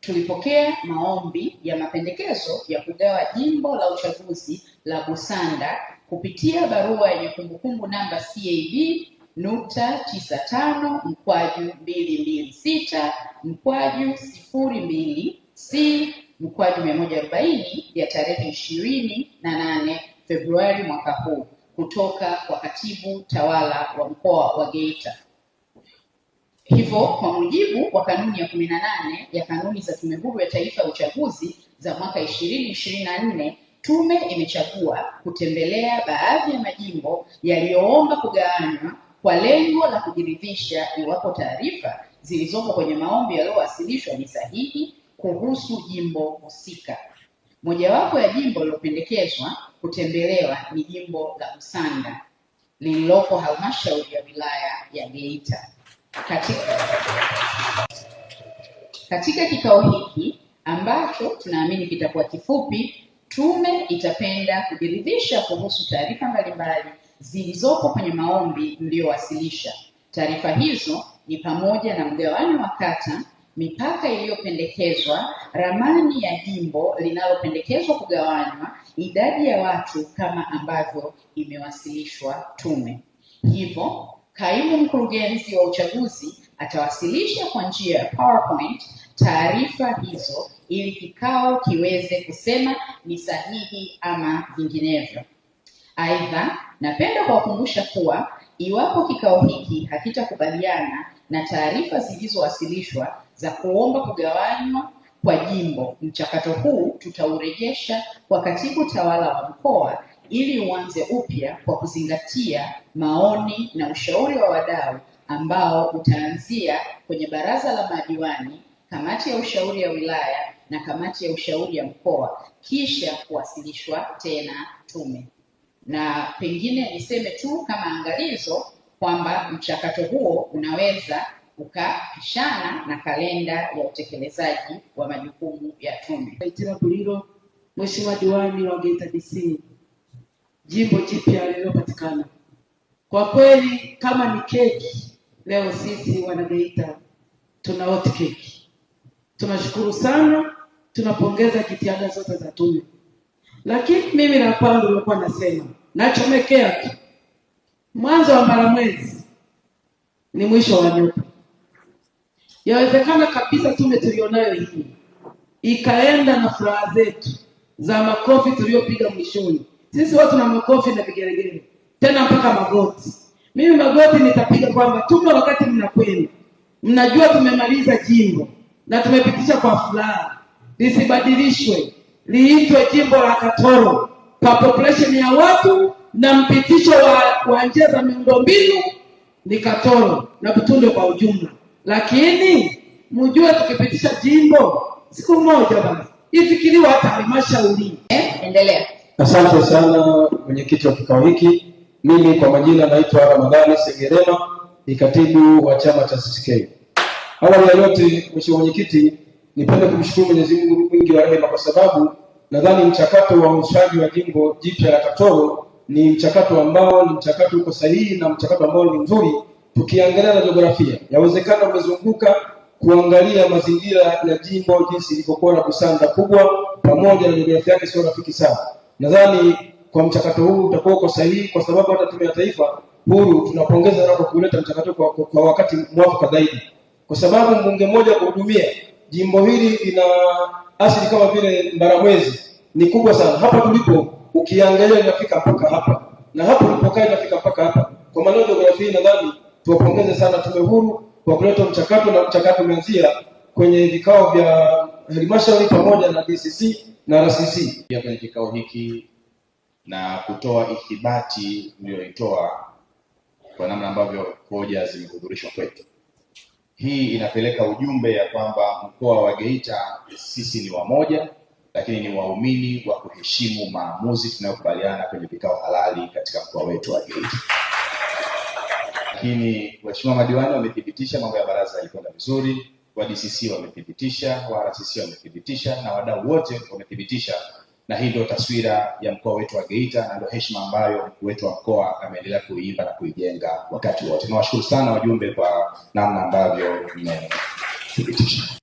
Tulipokea maombi ya mapendekezo ya kugawa jimbo la uchaguzi la Busanda kupitia barua yenye kumbukumbu namba CAB nukta tisa tano mkwaju mbili mbili sita mkwaju sifuri mbili C mkwaju mia moja arobaini ya tarehe ishirini na nane Februari mwaka huu kutoka kwa katibu tawala wa mkoa wa Geita. Hivyo, kwa mujibu wa kanuni ya kumi na nane ya kanuni za Tume Huru ya Taifa ya Uchaguzi za mwaka ishirini ishirini na nne tume imechagua kutembelea baadhi ya majimbo yaliyoomba kugawanywa kwa lengo la kujiridhisha iwapo taarifa zilizopo kwenye maombi yaliyowasilishwa ni sahihi kuhusu jimbo husika. Mojawapo ya jimbo lilopendekezwa kutembelewa ni jimbo la Usanda lililoko halmashauri ya wilaya ya Geita katika, katika kikao hiki ambacho tunaamini kitakuwa kifupi, tume itapenda kujiridhisha kuhusu taarifa mbalimbali zilizopo kwenye maombi mliyowasilisha. Taarifa hizo ni pamoja na mgawanyo wa kata, mipaka iliyopendekezwa, ramani ya jimbo linalopendekezwa kugawanywa, idadi ya watu kama ambavyo imewasilishwa tume. Hivyo Kaimu mkurugenzi wa uchaguzi atawasilisha kwa njia ya PowerPoint taarifa hizo ili kikao kiweze kusema ni sahihi ama vinginevyo. Aidha, napenda kuwakumbusha kuwa iwapo kikao hiki hakitakubaliana na taarifa zilizowasilishwa za kuomba kugawanywa kwa jimbo, mchakato huu tutaurejesha kwa katibu tawala wa mkoa ili uanze upya kwa kuzingatia maoni na ushauri wa wadau ambao utaanzia kwenye baraza la madiwani, kamati ya ushauri ya wilaya na kamati ya ushauri ya mkoa, kisha kuwasilishwa tena tume. Na pengine niseme tu kama angalizo kwamba mchakato huo unaweza ukapishana na kalenda ya utekelezaji wa majukumu ya tume. Mheshimiwa Mheshimiwa diwani wa Geita DC jimbo jipya lililopatikana. Kwa kweli kama ni keki, leo sisi wanageita tuna hot cake. Tunashukuru sana, tunapongeza jitihada zote za tume, lakini mimi la kwangu nilikuwa nasema nachomekea tu, mwanzo wa mara mwezi ni mwisho wa nyota. Yawezekana kabisa tume tulionayo hii ikaenda na furaha zetu za makofi tuliyopiga mwishoni sisi watu na makofi na vigeregere tena mpaka magoti. Mimi magoti nitapiga kwamba tume, wakati mnakwenda mnajua tumemaliza jimbo na tumepitisha kwa furaha, lisibadilishwe liitwe jimbo la Katoro kwa population ya watu na mpitisho wa, wa njia za miundombinu ni Katoro na Butundu kwa ujumla, lakini mjue tukipitisha jimbo siku moja basi ifikiriwa hata halmashauri eh? Endelea. Asante sana mwenyekiti wa kikao hiki. Mimi kwa majina naitwa Ramadhani Sengerema, ni katibu wa chama cha CCK. Awali ya yote, mheshimiwa mwenyekiti, nipende kumshukuru Mwenyezi Mungu mwingi wa rehema, kwa sababu nadhani mchakato wa uhusaji wa jimbo jipya la Katoro ni mchakato ambao ni mchakato uko sahihi na mchakato ambao ni mzuri. Tukiangalia na jiografia, yawezekana umezunguka kuangalia mazingira ya jimbo jinsi ilivyokuwa na busanda kubwa, pamoja na jiografia yake sio rafiki sana Nadhani kwa mchakato huu utakuwa uko sahihi, kwa sababu hata Tume ya Taifa Huru tunapongeza na kuleta mchakato kwa, kwa, kwa wakati mwafaka zaidi, kwa sababu mbunge mmoja kuhudumia jimbo hili lina asili kama vile Mbaramwezi ni kubwa sana. Hapa tulipo ukiangalia inafika mpaka hapa na hapo ulipokaa inafika mpaka hapa. Kwa maana jiografia, nadhani tuwapongeze sana Tume Huru kwa kuleta mchakato na mchakato umeanzia kwenye vikao vya halmashauri pamoja na DCC na RCC pia kwenye kikao hiki na kutoa ithibati mliyoitoa kwa namna ambavyo hoja zimehudhurishwa kwetu. Hii inapeleka ujumbe ya kwamba mkoa wa Geita sisi ni wamoja, lakini ni waumini wa kuheshimu maamuzi tunayokubaliana kwenye vikao halali katika mkoa wetu wa Geita. Lakini waheshimiwa madiwani wamethibitisha mambo ya baraza yalikwenda vizuri wa DCC wamethibitisha, wa RCC wamethibitisha na wadau wote wamethibitisha, na hii ndio taswira ya mkoa wetu wa Geita na ndio heshima ambayo mkuu wetu wa mkoa ameendelea kuiimba na kuijenga wakati wote. Nawashukuru sana wajumbe kwa namna ambavyo mmethibitisha.